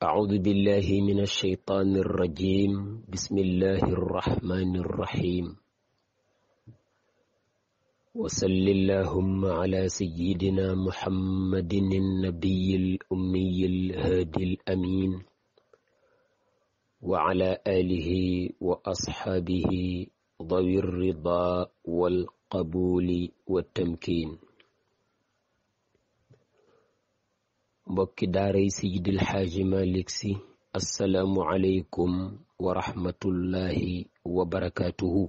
أعوذ بالله من الشيطان الرجيم بسم الله الرحمن الرحيم وصل اللهم على سيدنا محمد النبي الأمي الهادي الأمين وعلى آله وأصحابه ذوي الرضا والقبول والتمكين mbokki daaray Seydil Xaaji Malik Si assalaamu aleykum wa rahmatullahi wa barakaatuhu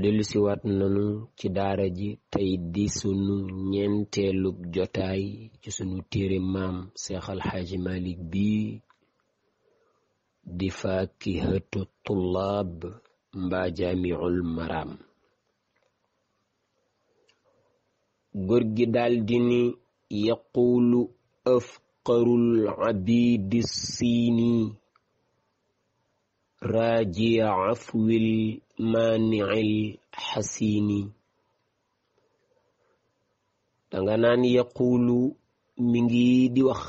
dellusiwaat nanu ci daara ji tey di sunu ñeenteelub jotaay ci sunu téere maam Seex al Xaaji Malik bi di faakihatu tullaab mbaa jaamiul maraam góor gi daldi ni yaquulu afqarul abidi siini raajiya afwil maaniil xasiini danga naan yaquulu mi ngi di wax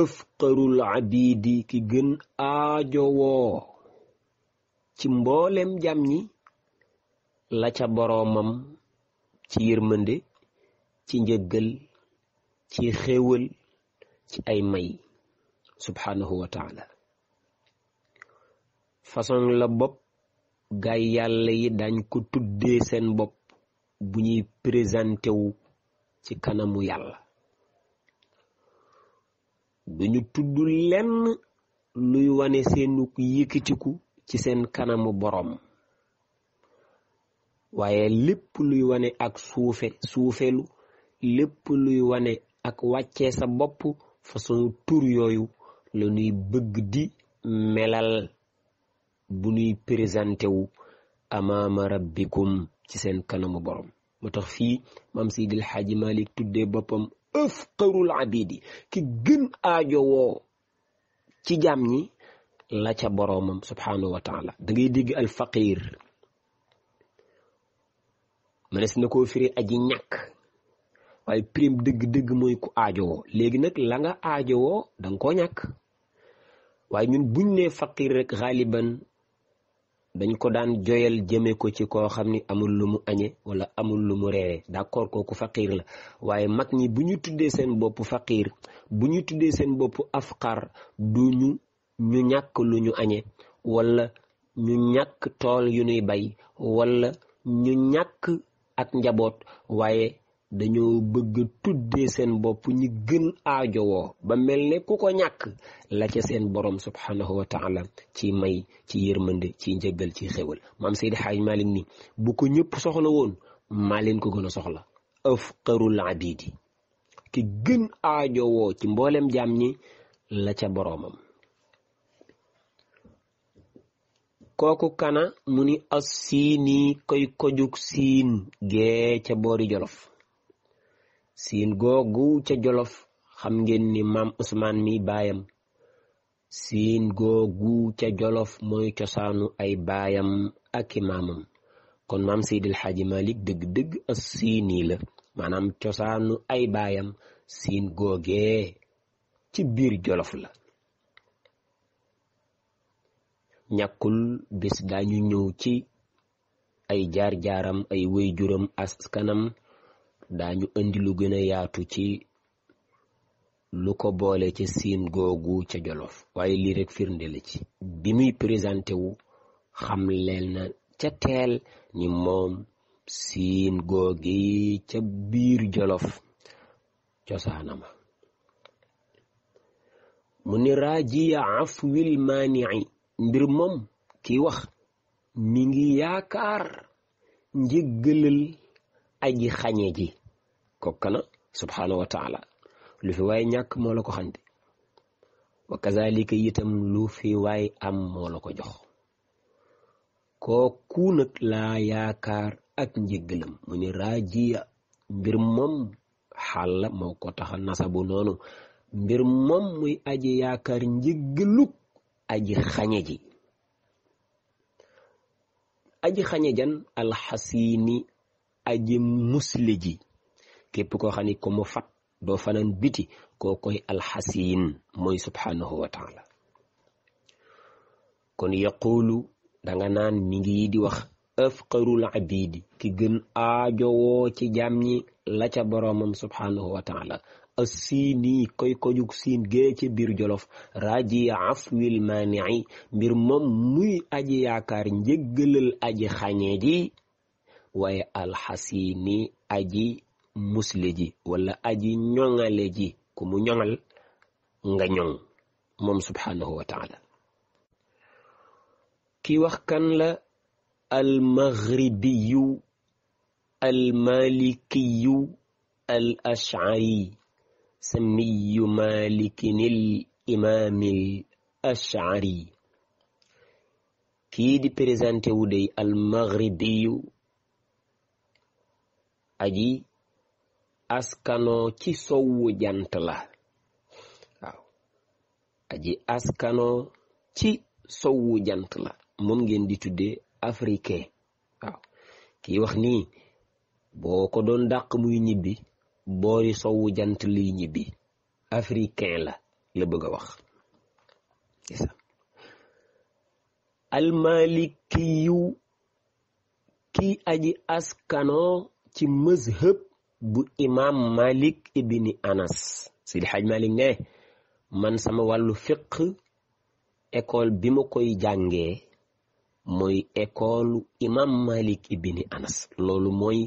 ëfqarul abidi ki gën aajowoo ci mboolem jam ñi la ca boroomam ci yërmande ci njëggal ci xéewal ci ay may subhanahu wa façon la bopp gaay yàlla yi dañ ko tuddee seen bopp bu ñuy présenté ci kanamu yàlla duñu tudd lenn luy wane seenu yëkkatiku ci seen kanamu boroom waaye lépp luy wane ak suufe suufelu lépp luy wane ak wàcce sa bopp façon tur yooyu la ñuy bëgg di melal bu ñuy présenté wu amaama rabbikum ci seen kanamu borom moo tax fii maam Seydil Xaaji Malik tuddee boppam afqarul abidi ki gën aajowoo ci jaam ñi la ca boroomam subhanahu wa taala da ngay dégg al faqir mënees na koo firi aji ñàkk waaye prime dëgg-dëgg mooy ku aajowoo léegi nag langa nga aajowoo da nga koo ñàkk waaye ñun buñ ne faqir rek xaaliban dañ ko daan joyal jëme ko ci koo xam ni amul lu mu añe wala amul lu mu reere d'accord kooku faqir la waaye mag ñi bu ñu tuddee seen bopp faqir bu ñu tuddee seen bopp afqar du ñu ñu ñàkk lu ñu añe wala ñu ñàkk tool yu ñuy bay wala ñu ñàkk ak njaboot waaye dañoo bëgg tuddee seen bopp ñi gën aajowoo ba mel ne ku ko ñàkk la ca seen borom subhanahu wa taala ci may ci yërmande ci njëggal ci xéwal maam Seydi Xaaj Malik ni bu ko ñëpp soxla woon maa leen ko gën a soxla afqarul abidi ki gën aajowoo ci mboolem jaam ñi la ca boroomam kooku kana mu ni as siini koy kojug siin gee ca boori jolof siin googu ca jolof xam ngeen ni maam usmaan mi baayam siin googu ca jolof mooy cosaanu ay baayam ak i maamam kon maam Seydil Xaaji Malik dëgg-dëgg as la maanaam cosaanu ay baayam siin googee ci biir jolof la ñàkkul bés dañu ñëw ci ay jaar-jaaram ay wéyjuram askanam dañu indi lu gën a yaatu ci lu ko boole ci siin googu ca jolof waaye lii rek firnde la ci bi muy présenté wu xam leen na ca teel ñi moom siin googi ca biir jolof cosaanama mu ni raajiya afwil maanii mbir moom kii wax mi ngi yaakaar njëggalal aji xañe ji kokkana subhaanahu wa taala lu fi waaye ñàkk moo la ko xante wa kazalika itam lu fi waay am moo la ko jox laa yaakaar ak njëggalam mu ni rajiya mbir moom xàlla moo ko taxa nasabu noonu mbir moom muy aji yaakaar njëggaluk aji xañe ji aji xañe jan alxasiini aji musle ji képp koo xam ni ko mu fat doo fanaan biti koo koy alxasiin mooy subhanahu wa taala kon yaqulu danga naan mi ngi di wax afqarul abidi ki gën aajowoo ci jaam ñi la ca boroomam subhanahu wa assiini koy kojug siin gee ci biir jolof raji afwil maanii mbir moom muy aji yaakaar njëggalal aji xañee ji waaye alxasiini aji musle ji wala aji ñoŋale ji ku mu ñoŋal nga ñoŋ moom subhaanahu wa ki wax kan la almaghribiyu almalikiyu al سمي مالك الإمام الأشعري kii di présenté wu day almaghribiyu aji askanoo ci sowu jant la waaw aji askanoo ci sowu jant la moom ngeen di tuddee africain waaw wax nii boo ko doon dàq muy ñibbi boori sowu jant liy ñibbi africain la la bëgg a wax almalikiyu ki aji askanoo ci mazhëb bu imam malik ibni anas sidi xaj malik ne man sama wàllu fiq école bi ma koy jàngee mooy école imam malik ibni anas loolu mooy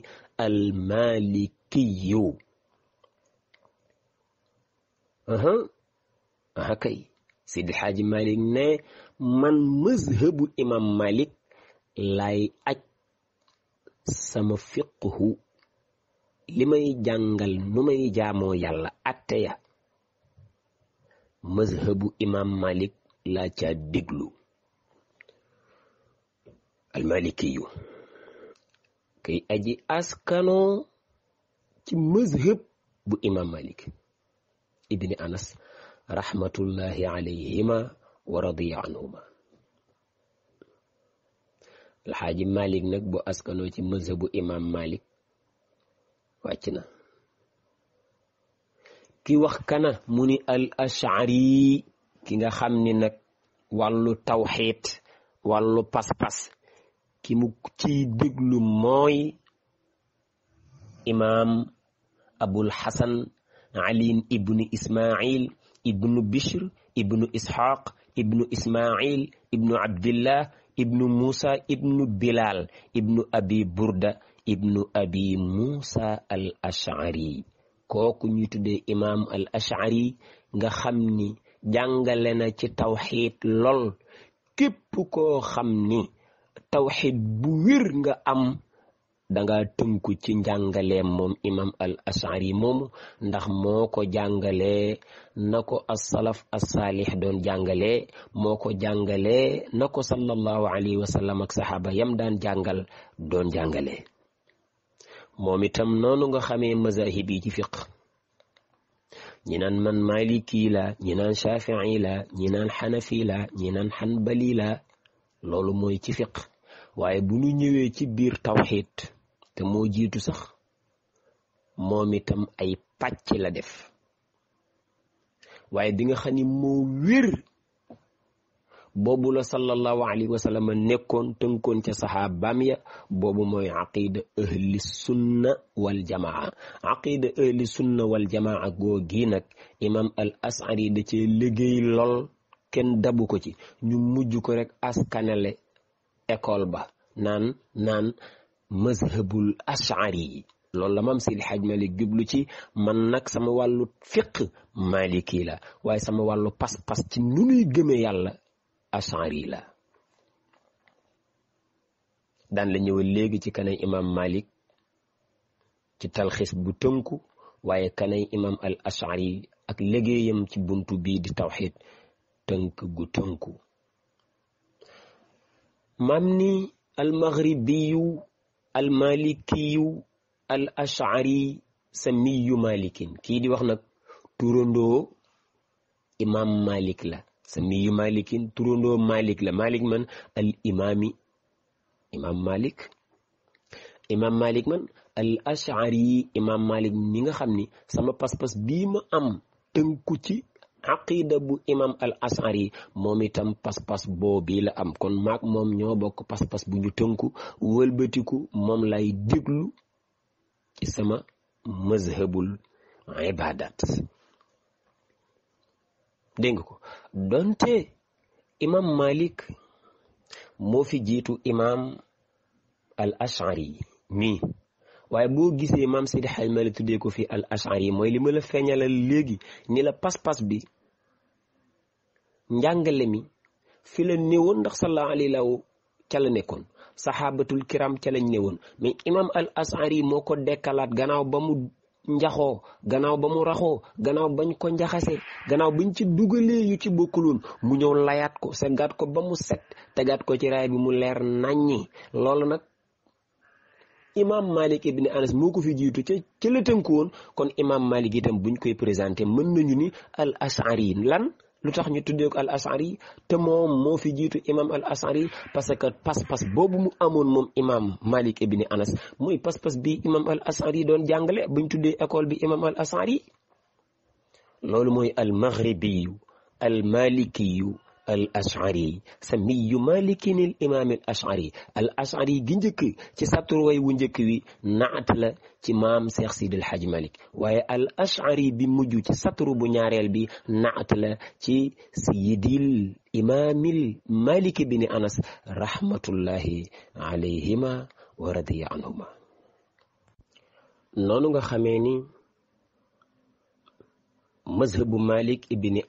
almalikiyu aha kay Seydi Xaaji Malik ne man mazhabu imam Malik lay aj sama fiqhu li may jàngal nu may jaamoo yàlla atte ya mazhabu imam Malik laa caa déglu almalikiyu kay aji askano ci mazhab bu imam Malik ibni anas rahmatullahi alayhima wa radiya anhuma alxaaji malik nag bu askanoo ci mazhabu imam malik wàcc na ki wax kana mu ni al ashari ki nga xam ni nag wallu tawxiit wàllu paspas pas ki mu ciy déglu mooy imaam abul xasan ali ibnu ismail ibnu bishr ibnu ishaq ibnu ismail ibnu abdillah ibnu moussa ibnu bilal ibnu abi burda ibnu abi moussa al ashari kooku ñu tuddee imam al ashari nga xam ni jàngale na ci tawxiid lool képp koo xam ni tawxiid bu wér nga am danga tënku ci njàngaleem moom imam al ashari moomu ndax moo ko jàngale na ko asalaf asaalih doon jàngale moo ko jàngale na ko sallallahu alayhi wa sallam ak saxaaba yam daan jàngal doon jàngale moom itam noonu nga xamee mazahib yi ci fiq ñi naan man maliki la ñi naan shafii la ñi naan xanafi la ñi naan xanbali la loolu mooy ci fiq waaye bu ñu ñëwee ci biir tawxiid te moo jiitu sax moom itam ay pàcc la def waaye bi nga xam ni moo wér boobu la sallallahu alayhi wa nekkoon tënkoon ca saxaabaam ya boobu mooy aqida ahli sunna wal aqida ahli sunna wal jamaa nag imam al asari liggéey lool kenn dabu ko ci ñu mujj ko rek askanale école ba naan naan mazhabul ashari loolu la maam Seydi Hadj Malick jublu ci man nag sama wàllu fiq maliki la waaye sama wàllu pas-pas ci nu nuy gëmee yàlla ashari la daan la ñëwal léegi ci kanay imam Malik ci talxis bu tënku waaye kanay imam al ashari ak liggéeyam ci buntu bii di tawxid tënk gu tënku maam ni al almalikiyu al ashari samiyu malikin kii di wax nag turandoo imam malik la samiyu malikin turandoo malik la malik man al imami imam malik imam malik man al ashari imam malik mi nga xam ni sama pas-pas bii ma am tënku ci aqida bu imam al asari moom itam pas-pas bii la am kon maag moom ñoo bokk pas-pas bu ñu tënku wëlbatiku moom lay déglu ci sama mazhabul ibadat dégg ko donte imam malik moo fi jiitu imam al ashari nii waaye boo gisee maam Seydi Hadji Malick tuddee ko fi al ashari mooy li ma la feeñalal léegi ni la pas-pas bi njàngale mi fi la néewoon ndax sallallaahu alayhi law ca la nekkoon saxaabatul kiram ca lañ néewoon mais imam al asari moo ko dekkalaat gannaaw ba mu njaxoo gannaaw ba mu raxoo gannaaw bañ ko njaxasee gannaaw bañ ci dugalee yu ci bokkuloon mu ñëw layaat ko seggaat ko ba mu set tegaat ko ci raay bi mu leer naññi loolu nag imam malik ibn anas moo ko fi jiitu ca ca la woon kon imam malik itam buñ koy présenté mën nañu ni al asari lu ñu tuddee ko al ashari te moom moo fi jiitu imam al ashari parce que pas-pas boobu mu amoon moom imam malik ibn anas muy pas-pas bi imam al ashari don jàngale buñ tuddee école bi imam al ashari loolu mooy al maghribi al maliki al-ashari samiyu malikin al imaam ashari al ashari gi njëkk ci sattur way wu njëkk wi naat la ci maam Cheikh Sidil Hadj Malick waaye al ashari bi mujj ci sattur bu ñaareel bi naat la ci sayidil imaamil maliki bin anas rahmatullahi alayhima wa radiya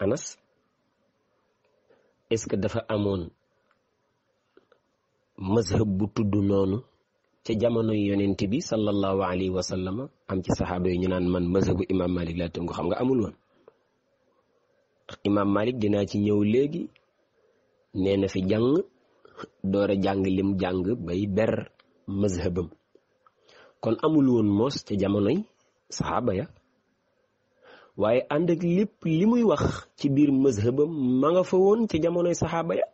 anas est-ce que dafa amoon mazhab bu tudd noonu ca jamonoy yonent bi sallallahu alayhi wa sallam am ci saxaaba yi ñu naan man mazhabu imam malik laa tënku xam nga amul woon imam malik dinaa ci ñëw léegi nee na fi jàng door jàng lim jàng bay ber mazhabam kon amul woon moos ca jamonoy saxaaba ya waaye ànd ak lépp li muy wax ci biir mës mazhabam ma nga fa woon ci jamonoy saxaaba ya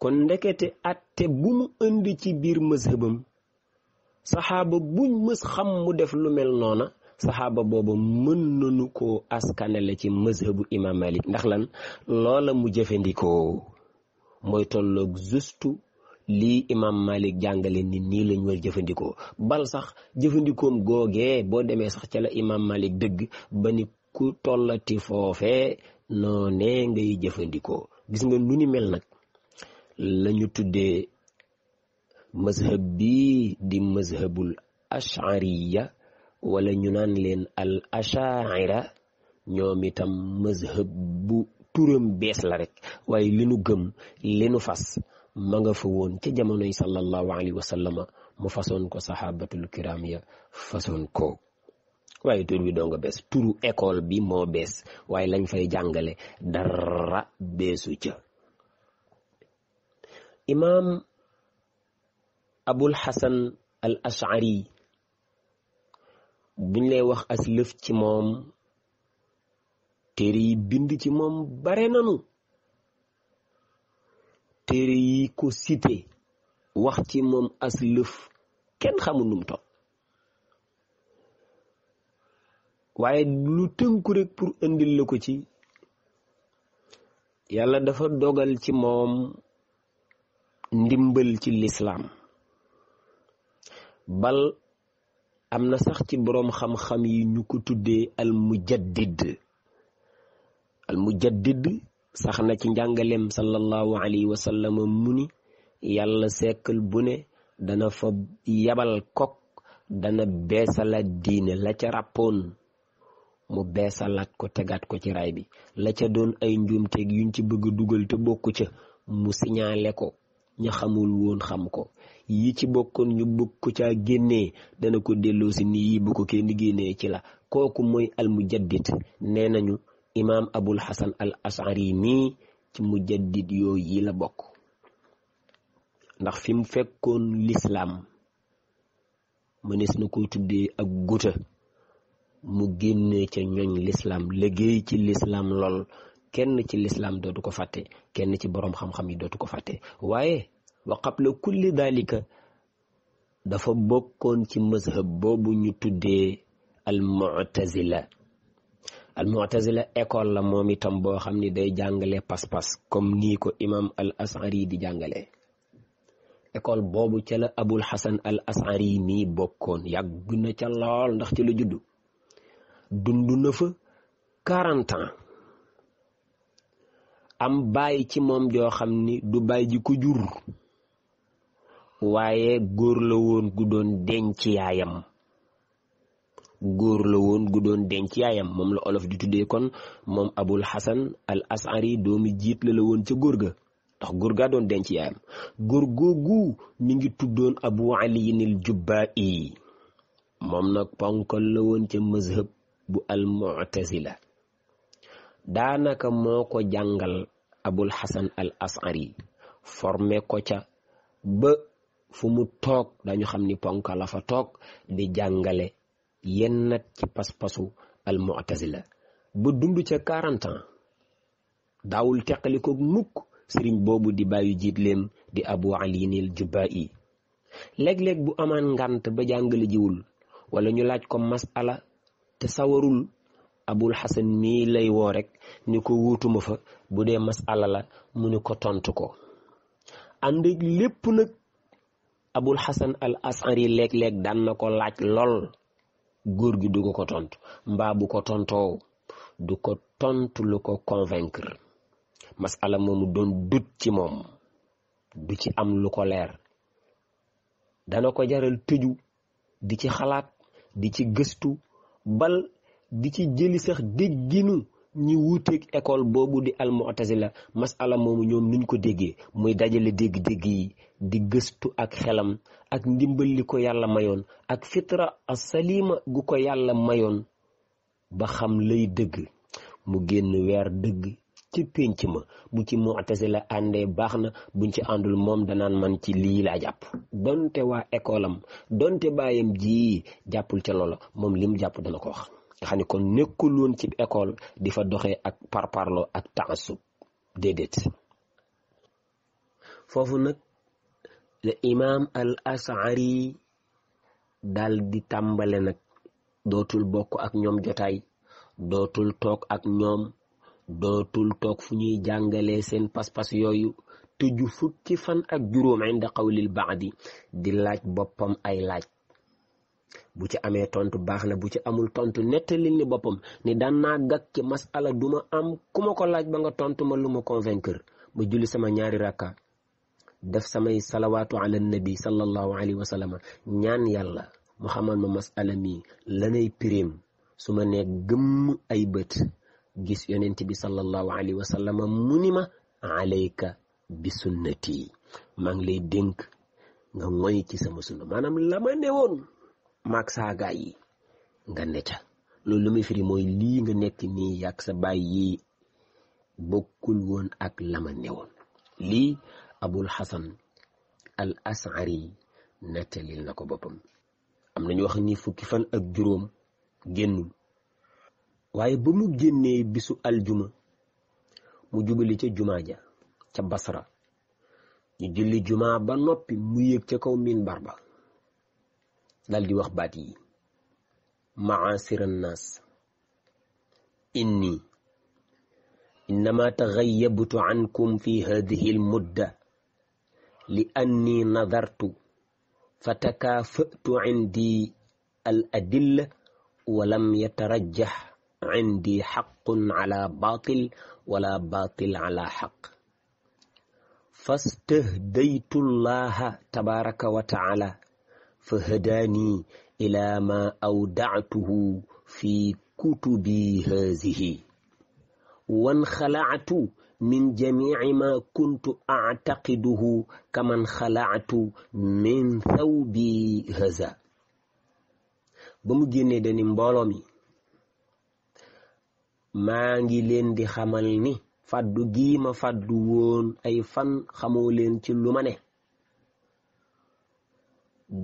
kon ndekete atte bu mu indi ci biir mazhabam saxaaba buñ mës xam mu def lu mel noona saxaaba booba mën nu ko askanale ci mazhabu imam malik ndax lan loola mu jëfandikoo mooy tolloog juste lii imam malik jàngale ni nii lañ war jëfandikoo bal sax jëfandikoom googee boo demee sax ca la imam malik dëgg ba ni ku tollati foofee noonee ngay jëfandikoo gis nga lu ni mel nag lañu ñu tuddee mazhab bii di mazhabul ashariya wala ñu naan leen al ashaira ñoom itam mazhab bu turam bees la rek waaye li nu gëm li nu fas ma nga fa woon ca jamonoy sallallahu alayhi wa sallama mu fasoon ko saxaabatul kiram ya fasoon ko waaye tur bi doo nga bees turu école bi moo bees waaye lañ fay jàngale dara beesu ca imaam abul hasan al ashari buñ lay wax as ci moom téere yi bind ci moom bare nanu téere yi ko cité wax ci moom as lëf kenn xamul nu waaye lu tënku rek pour indil la ko ci yàlla dafa dogal ci moom ndimbal ci lislaam bal am na sax ci boroom xam-xam yi ñu ko tuddee al mujaddid al sax na ci njàngaleem sallallahu alayhi wa sallam mu ni yàlla sekkal bu ne dana fa yabal kok dana beesalaat diine la ca ràppoon mu beesalaat ko tegaat ko ci raay bi la ca doon ay njuumteeg yuñ ci bëgg dugal te bokk ca mu siñaale ko ña xamul woon xam ko yi ci bokkoon ñu bëgg ko génnee dana ko delloo si nii yi bu ko kenn génnee ci la kooku mooy almujaddid nee nañu imaam abul xasan al ashari mii ci mujaddid yooyu yi la bokk ndax fi mu fekkoon lislaam mënees na koy tuddee ak guta mu génnee ca ñoñ lislaam liggéey ci lislaam lool kenn ci lislaam dootu ko fàtte kenn ci boroom xam-xam yi dootu ko fàtte waaye wa qabla kulli dalika dafa bokkoon ci mazhab boobu ñu tuddee al al mu'tazila école la moom itam boo xam ni day jàngale pas-pas comme nii ko imam al asari di jàngale école boobu ca la abul xasan al asari mii bokkoon yàgg na ca lool ndax ci la juddu dund na fa quarante ans am bàyyi ci moom joo xam ni du bàyyi ji ko jur waaye góor la woon gu doon denc yaayam góor la woon gu doon denc yaayam moom la olof di tuddee kon moom abul xasan al asari doomi jiit la la woon ca góor ga ndax góor ga doon denc yaayam góor googu mi ngi tuddoon abu aliyinil jubbaa'i moom nag ponkal la woon ca mazhab bu al mu'tazila daanaka moo ko jàngal abul xasan al asari forme ko ca ba fu mu toog dañu xam ni ponka la fa toog di jàngale yennat ci pas-pasu al mu'tazila ba dund ca 40 ans daawul teqalikoog mukk sëriñ boobu di bàyyu jiit leem di abu alinil jubbaa yi léeg-léeg bu amaan ngant ba jàngale jiwul wala ñu laaj ko masala te sawarul abul xasan mii lay woo rek ni ko wuutuma fa bu dee masala la mu ni ko tontu ko ànd lépp nag abul xasan al asari léeg-léeg daan na ko laaj lool góor gi du ko ko tontu mbaa bu ko tontoo du ko tontu lu ko convaincre masala moom doon dut ci moom du ci am lu ko leer dana ko jaral tëju di ci xalaat di ci gëstu bal di ci jëli sax dégginu ñi wuuteeg école boobu di al la masala moomu ñoom nuñ ko déggee muy dajale dégg-dégg yi di gëstu ak xelam ak ndimbal ko yàlla mayoon ak fitra asalima gu ko yàlla mayoon ba xam lay dëgg mu génn weer dëgg ci pénc ma bu ci la àndee baax na buñ ci àndul moom danaan man ci lii laa jàpp doonte waa école am donte baayam ji jàppul ca loola moom lim jàpp dana ko wax nga kon nekkul woon ci école di fa doxe ak parparlo ak taasub déedéet foofu nag le imaam al ashari daal di tàmbale nag dootul bokk ak ñoom jotaay dootul toog ak ñoom dootul toog fu ñuy jàngale seen pas-pas yooyu tëju ci fan ak juróom inda qawlil di di laaj boppam ay laaj bu ci amee tontu baax na bu ci amul tontu nettali ni boppam ni daan naa gàkk ci masala duma am ku ma ko laaj ba nga tontu ma lu ma convaincre ma julli sama ñaari rakka def samay salawaatu ala nabi sallallahu alayhi wa sallam ñaan yàlla mu xamal ma masala mi lanay pirim su ma nee gëmm ay bët gis yonent bi sallallahu alayhi wa sallam mu ni ma alayka bi sunnati maa lay dénk nga moy ci sama sunna maanaam la ma newoon maag saa yi nga ne ca loolu lu mooy lii nga nekk nii yàgg sa baay yi bokkul woon ak lama newoon lii abul xasan al asari nettalil na ko boppam am nañu wax ni fukki fan ak juróom génnul waaye ba mu génnee bisu aljuma mu jubali ca juma ja ca basra ñu julli juma ba noppi mu yéeg ca kaw minbar ba dal di wax baat yi maasira naas inni innama taxayyabtu ankum fi hadihi almudda li anni nadartu fatakaafatu cindi al adilla walam yatarajjax cindi xaqun ala baatil wala baatil ala xaq fastahdaytu llaha tabaraka wa taala fa hadaani ilaa maa awdactuhu fi kutubi hazihi wan xalaatu min jamici maa kuntu actaqiduhu kaman xalaatu min thawbi haza ba mu génnee dani mbooloo mi maa ngi leen di xamal ni faddu gii faddu woon ay fan xamoo leen ci lu ma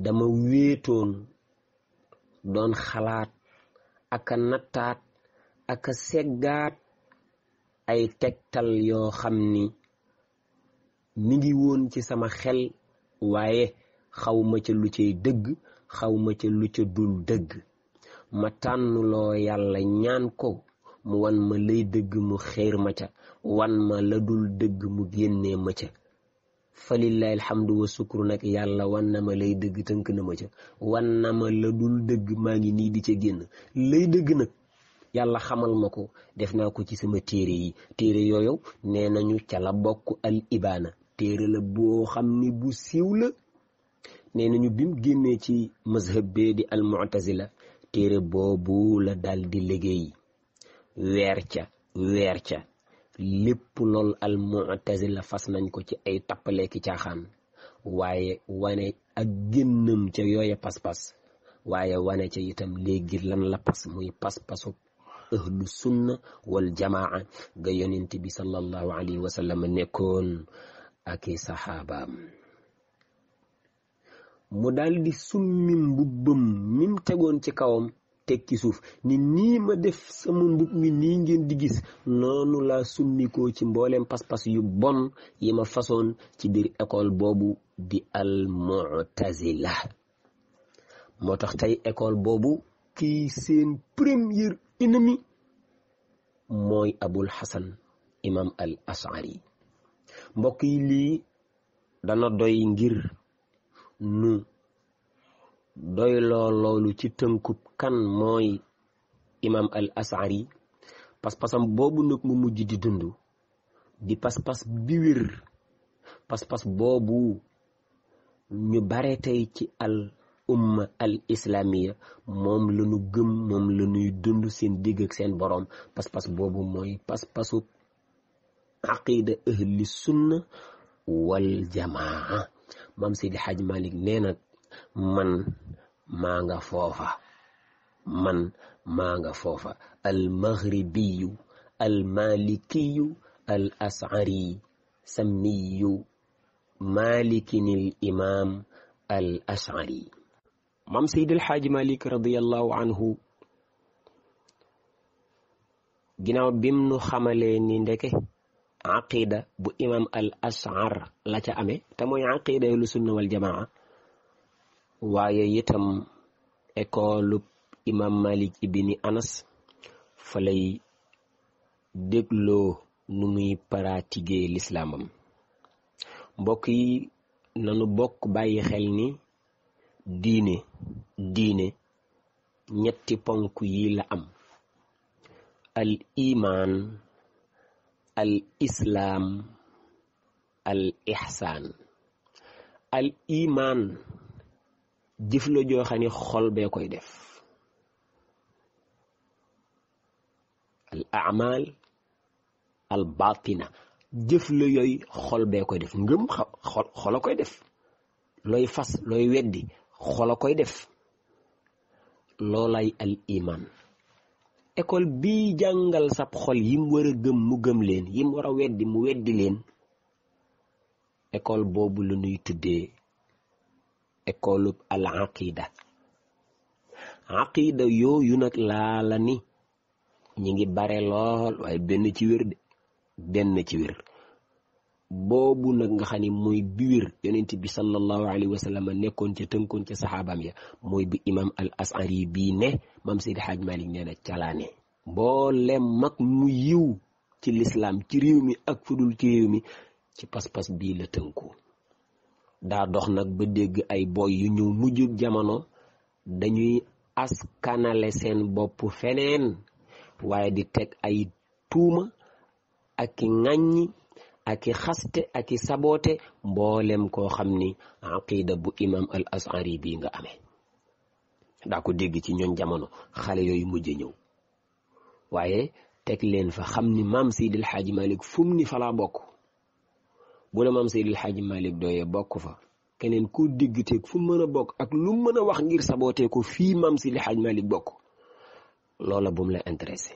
dama wéetoon doon xalaat aka nattaat aka seggaat ay tegtal yoo xam ni mi ngi woon ci sama xel waaye xawma ca lu cay dëgg xawma ca lu ca dul dëgg ma tànnuloo yàlla ñaan ko mu wan ma lay dëgg mu xéer ma ca wan ma la dul dëgg mu génnee ma ca falillahi alhamdu wa sukru nag yàlla wan na ma lay dëgg tënk na ma ca wan na ma la dul dëgg maa ngi nii di ca génn lay dëgg nag yàlla xamal ma ko def naa ko ci sama téere yi téere yooyu nee nañu ca la bokk al ibaana téere la boo xam ni bu siiw la nee nañu bim génnee ci mazhab bee di al mu'tazila téere boobu la dal di liggéey weer ca weer ca lépp lool al mu'tazila fas nañ ko ci ay tappale ki caaxaan waaye wane ak génnam ca yooye pas-pas waaye wane ca itam léegi lan la pas muy pas ahlu sunna wal jamaa ga yonent bi sallallahu alayhi wa sallam nekkoon ak i mu daal di summi mbubbam mim tegoon ci kawam teg ci suuf ni nii ma def sama mbub mi nii ngeen di gis noonu laa sunnikoo ci mbooleem pas-pas yu bon yi ma façon ci biir école boobu di al mu'tazila moo tax tey école boobu kii seen premier ennemi mooy abul hasan imam al ashari mbokk yi lii dana doy ngir nu doyloo loolu ci tënkub kan mooy imam al asari pas-pasam boobu nag mu mujj di dund di pas-pas bi wér pas-pas boobu ñu bare tey ci al umma al islamiya moom la ñu gëm moom la dund seen digg ak seen boroom pas-pas boobu mooy pas-pasu aqida ahli sunna wal jamaa maam Seydi Hadj Malick nee na man maa nga foofa man maa nga foofa almaghribiyu almalikiyu al asari sammiyu malikinil imam al asari maam Seydil Xaaji Malik radiallahu anhu ginnaaw bim nu ndeke aqida bu imam al ashar la ca amee aqida lu sunna wal waaye itam école imam malik ibni anas fa lay dégloo nu muy pratiquer lislaamam mbokk yi nanu bokk bàyyi xel ni diine diine ñetti ponk yi la am al imaan al islaam al ixsaan al imaan jëf joo xam ne xol bee koy def al amal al batina jëf la yooyu xol bee koy def ngëm xol xol a koy def looy fas looy weddi xol a koy def loolay al imaan école bii jàngal sab xol yim war gëm mu gëm leen yim war a weddi mu weddi leen école boobu la nuy tuddee école al aqida aqida yooyu nag laa la ni ñi ngi bare lool waaye benn ci wér de benn ci wér boobu nag nga xam ni mooy bi wér yonent bi sallallahu alayhi wa nekkoon ca tënkoon ca saxaabam ya mooy bi imam al asari bii ne mam Seydi Hadj Malick nee na calaane mboolem mag mu yiw ci lislaam ci réew mi ak fudul ci réew mi ci pas-pas bii la tënku daa dox nag ba dégg ay boy yu ñëw mujjug jamono dañuy askanale seen bopp feneen waaye di teg ay tuuma ak i ŋàññi ak i xaste ak i saboote mboolem koo xam ni aqida bu imam al asari bii nga amee daa ko dégg ci ñooñ jamono xale yooyu mujj ñëw waaye teg leen fa xam ni maam Seydil Hadji Malick fum ni falaa bokk bu la maam Seydil Xaaji Malick doyee bokk fa keneen ku digg teeg fu mën a bokk ak lu mën a wax ngir sabootee ko fii mam maam Seydil Xaaji Malick bokk loola bum la intéressé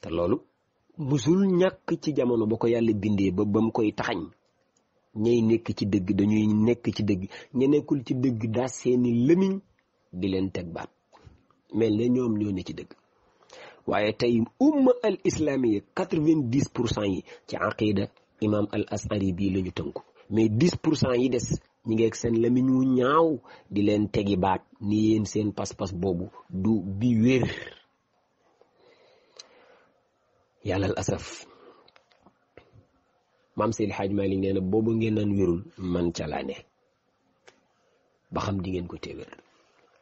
te loolu musul ñàkk ci jamono ba ko yàlla bindee ba ba mu koy taxañ ñay nekk ci dëgg dañuy nekk ci dëgg ña nekkul ci dëgg daa seeni lëmiñ di leen teg baat mel ne ñoom ñoo ne ci dëgg waaye tey umma al islamiya quatre pour cent yi ci aqida imam al asari bii lañu ñu tënku mais dix pour cent yi des ñi ngeeg seen lamiñ wu ñaaw di leen tegi baat ni yéen seen pas-pas boobu du bi wér yàlla al asaf maam Seydi Hadj Malick nee na boobu ngeen naan wérul man ca laa ne ba xam di ngeen ko téewér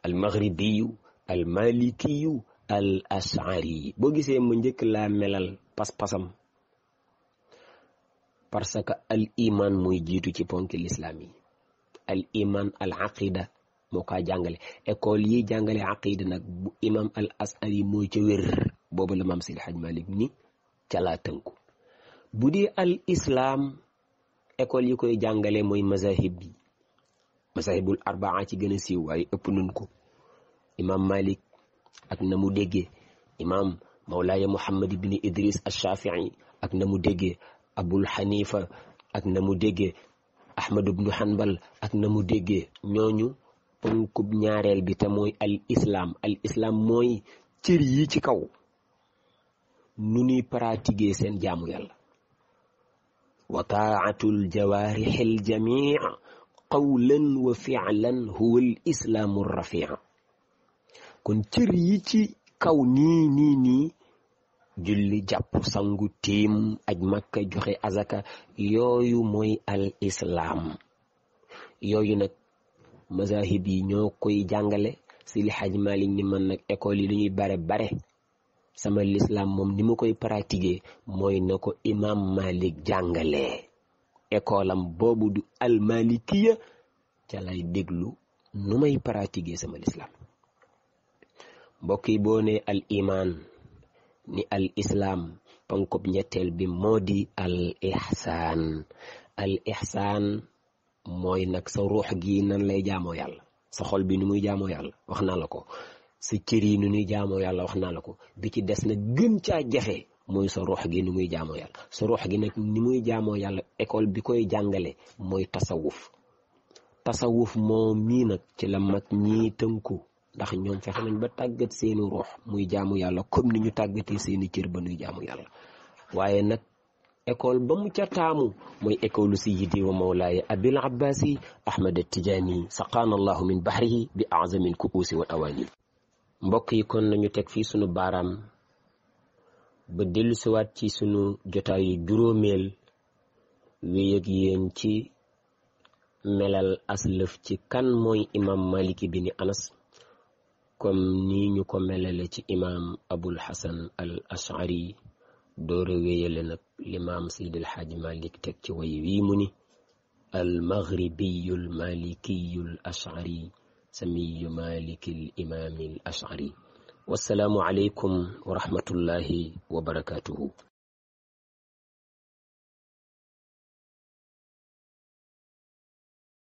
al maghribiyu al malikiyu al ashari boo gisee mu njëkk laa melal pas-pasam parce que al iman muy jiitu ci ponk lislaam yi al iman al aqida moo kaa jàngale école yi jàngale aqida nag bu imam al ashari mooy ca wér boobu la maam Seydi Haj Malik ni ca laa tënku bu dee al islaam école yi koy jàngale mooy mazahib bi mazahibul arbaa ci gën a siiw waaye ëpp nun ko imam Malik ak na mu déggee imaam mawlaaya muhammad ibni idris alshafii ak na mu déggee abul xanifa ak na mu déggee ahmad ibnu hanbal ak na mu déggee ñooñu ponkub ñaareel bi te mooy al islaam al islaam mooy cër yi ci kaw nu ñuy pratiquer seen jaamu yàlla wa taatu ljawaarixi kon cër yi ci kaw nii nii nii julli jàpp sangu tiim aj makka joxe azaka yooyu mooy al islaam yooyu nag mazahib yi ñoo koy jàngale si li xaj Malik ni man nag école yi li ñuy bare bare sama lislam moom ni ma koy pratiquer mooy na ko imam Malik jàngale école am boobu du almalikiya ca lay déglu nu may pratiquer sama lislam mbokk yi boo nee al imaan ni al islaam pankub ñetteel bi moo di al ihsaan al ihsaan mooy nag sa ruux gi nan lay jaamoo yàlla sa xol bi nu muy jaamoo yàlla wax naa la ko sa cër yi nu nuy jaamoo yàlla wax naa la ko bi ci des nag gën caa jafe mooy sa ruux gi ni muy jaamoo yàlla sa ruux gi nag ni muy jaamoo yàlla école bi koy jàngale mooy tasawuf tasawuf moo mii nag ci la mag ñii tënku ndax ñoom fexe nañ ba tàggat seeni ruux muy jaamu yàlla comme ni ñu tàggatee seeni cër ba nuy jaamu yàlla waaye nag école ba mu ca taamu mooy école sayyidi wa mawlaaya abil abbaasi ahmad tijaani saqaana allahu min bahrihi bi azamin kuusi wal mbokk yi kon nañu teg fii sunu baaraam ba dellusiwaat ci sunu jotaayu juróomeel wéy ak ci melal aslëf ci kan mooy imam maliki bini anas comme nii ñu ko melale ci imaam abul hasan al ashari doore wéyale nag limaam seydil xaaj malik teg ci way mu ni al maghribiyu al malikiyu al ashari samiyu maliki al imaami al